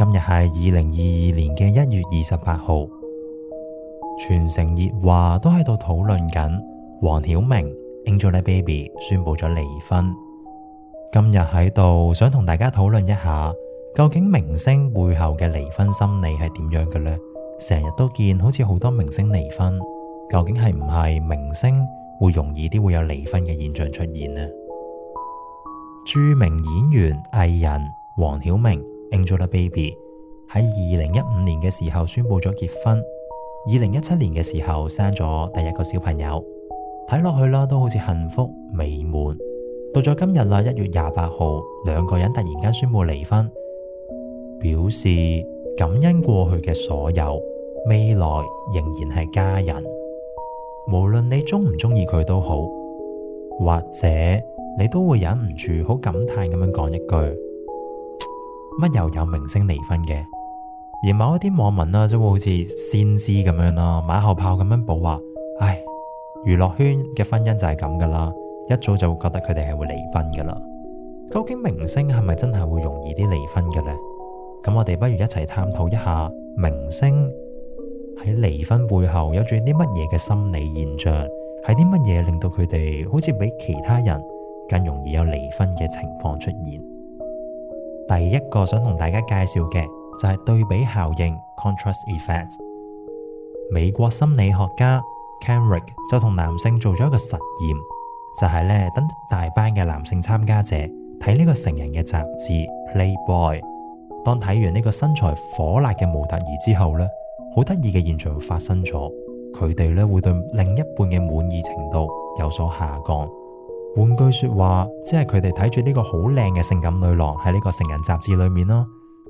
今日係二零二二年嘅一月二十八號，全城熱話都喺度討論緊，黃曉明、Angelababy 宣布咗離婚。今日喺度想同大家討論一下，究竟明星背後嘅離婚心理係點樣嘅呢？成日都見好似好多明星離婚，究竟係唔係明星會容易啲會有離婚嘅現象出現呢？著名演員藝人黃曉明。Angelababy 喺二零一五年嘅時候宣布咗結婚，二零一七年嘅時候生咗第一個小朋友，睇落去啦都好似幸福美滿。到咗今日啦，一月廿八號，兩個人突然間宣布離婚，表示感恩過去嘅所有，未來仍然係家人。無論你中唔中意佢都好，或者你都會忍唔住好感嘆咁樣講一句。乜？又有明星離婚嘅。而某一啲網民啦、啊，就會好似先知咁樣啦，馬後炮咁樣報話，唉，娛樂圈嘅婚姻就係咁噶啦，一早就會覺得佢哋係會離婚噶啦。究竟明星係咪真係會容易啲離婚嘅呢？咁我哋不如一齊探討一下，明星喺離婚背後有住啲乜嘢嘅心理現象，係啲乜嘢令到佢哋好似比其他人更容易有離婚嘅情況出現。第一個想同大家介紹嘅就係對比效應 （contrast effect）。美國心理學家 Kenrick 就同男性做咗一個實驗，就係咧等大班嘅男性參加者睇呢個成人嘅雜誌《Playboy》。當睇完呢個身材火辣嘅模特兒之後咧，好得意嘅現象發生咗，佢哋咧會對另一半嘅滿意程度有所下降。換句說話，即係佢哋睇住呢個好靚嘅性感女郎喺呢個成人雜誌裏面啦，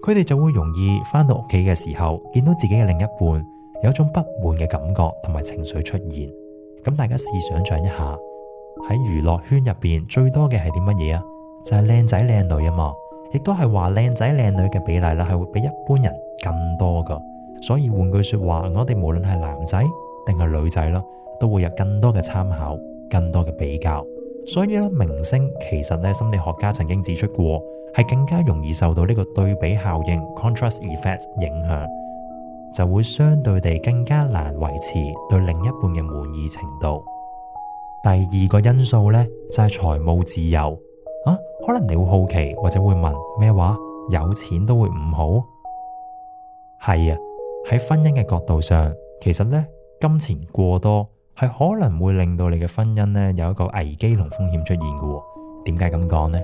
佢哋就會容易翻到屋企嘅時候見到自己嘅另一半，有一種不滿嘅感覺同埋情緒出現。咁、嗯、大家試想象一下，喺娛樂圈入邊最多嘅係啲乜嘢啊？就係、是、靚仔靚女啊嘛，亦都係話靚仔靚女嘅比例啦，係會比一般人更多噶。所以換句說話，我哋無論係男仔定係女仔啦，都會有更多嘅參考，更多嘅比較。所以咧，明星其實咧，心理學家曾經指出過，係更加容易受到呢個對比效應 （contrast effect） 影響，就會相對地更加難維持對另一半嘅滿意程度。第二個因素咧就係、是、財務自由啊，可能你會好奇或者會問咩話？有錢都會唔好？係啊，喺婚姻嘅角度上，其實咧金錢過多。係可能會令到你嘅婚姻咧有一個危機同風險出現嘅。哦，點解咁講呢？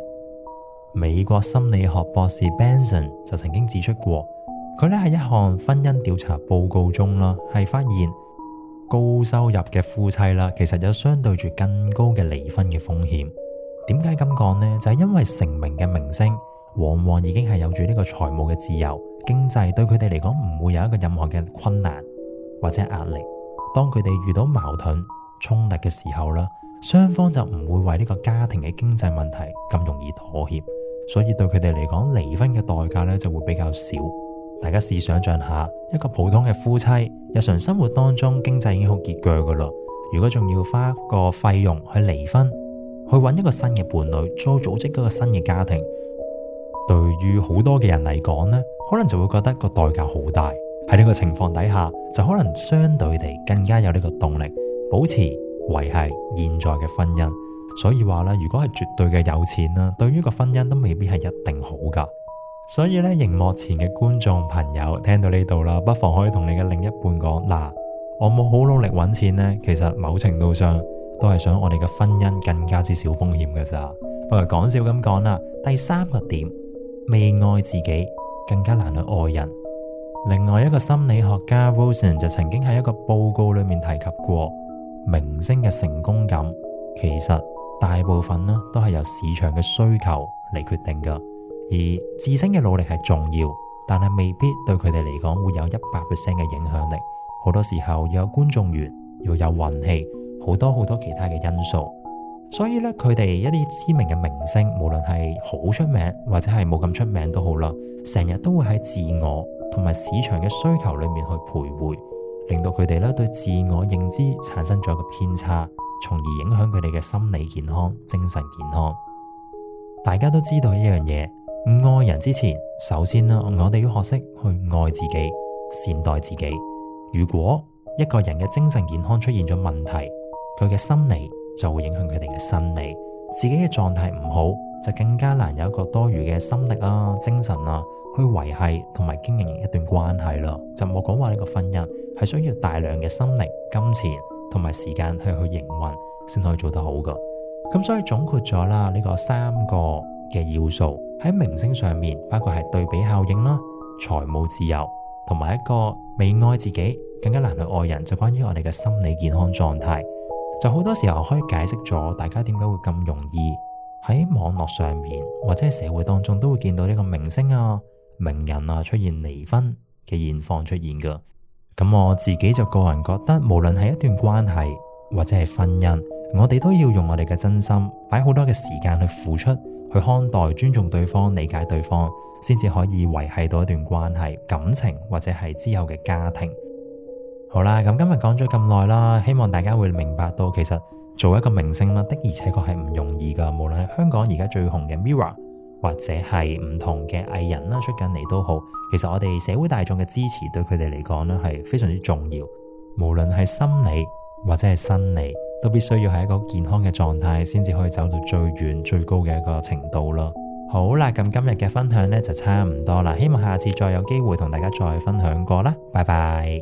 美國心理學博士 Benson 就曾經指出過，佢咧喺一項婚姻調查報告中啦，係發現高收入嘅夫妻啦，其實有相對住更高嘅離婚嘅風險。點解咁講呢？就係、是、因為成名嘅明星往往已經係有住呢個財務嘅自由，經濟對佢哋嚟講唔會有一個任何嘅困難或者壓力。當佢哋遇到矛盾衝突嘅時候啦，雙方就唔會為呢個家庭嘅經濟問題咁容易妥協，所以對佢哋嚟講，離婚嘅代價呢就會比較少。大家試想象下，一個普通嘅夫妻，日常生活當中經濟已經好拮據噶啦，如果仲要花個費用去離婚，去揾一個新嘅伴侶，再組織一個新嘅家庭，對於好多嘅人嚟講呢，可能就會覺得個代價好大。喺呢個情況底下，就可能相對地更加有呢個動力，保持維繫現在嘅婚姻。所以話啦，如果係絕對嘅有錢啦，對於個婚姻都未必係一定好噶。所以咧，熒幕前嘅觀眾朋友聽到呢度啦，不妨可以同你嘅另一半講嗱，啊，我冇好努力揾錢呢，其實某程度上都係想我哋嘅婚姻更加之少風險噶咋。不過講笑咁講啦，第三個點，未愛自己，更加難去愛人。另外一個心理學家 Wilson 就曾經喺一個報告裏面提及過，明星嘅成功感其實大部分呢都係由市場嘅需求嚟決定噶，而自身嘅努力係重要，但係未必對佢哋嚟講會有一百 percent 嘅影響力。好多時候要有觀眾緣，要有運氣，好多好多其他嘅因素。所以呢，佢哋一啲知名嘅明星，無論係好出名或者係冇咁出名都好啦，成日都會喺自我。同埋市場嘅需求裏面去徘徊，令到佢哋咧對自我認知產生咗個偏差，從而影響佢哋嘅心理健康、精神健康。大家都知道一樣嘢，愛人之前，首先咧我哋要學識去愛自己、善待自己。如果一個人嘅精神健康出現咗問題，佢嘅心理就會影響佢哋嘅生理，自己嘅狀態唔好，就更加難有一個多餘嘅心力啊、精神啊。去維繫同埋經營一段關係啦，就冇講話呢個婚姻係需要大量嘅心力、金錢同埋時間去去營運，先可以做得好噶。咁所以總括咗啦，呢個三個嘅要素喺明星上面，包括係對比效應啦、財務自由同埋一個未愛自己，更加難去愛人，就關於我哋嘅心理健康狀態，就好多時候可以解釋咗大家點解會咁容易喺網絡上面或者係社會當中都會見到呢個明星啊，名人啊，出現離婚嘅現況出現㗎，咁我自己就個人覺得，無論係一段關係或者係婚姻，我哋都要用我哋嘅真心，擺好多嘅時間去付出，去看待、尊重對方、理解對方，先至可以維繫到一段關係、感情或者係之後嘅家庭。好啦，咁今日講咗咁耐啦，希望大家會明白到，其實做一個明星咧，的而且確係唔容易噶，無論係香港而家最紅嘅 MIRROR。或者係唔同嘅藝人啦，出緊嚟都好。其實我哋社會大眾嘅支持對佢哋嚟講咧，係非常之重要。無論係心理或者係生理，都必須要喺一個健康嘅狀態，先至可以走到最遠、最高嘅一個程度囉。好啦，咁今日嘅分享呢就差唔多啦。希望下次再有機會同大家再分享過啦。拜拜。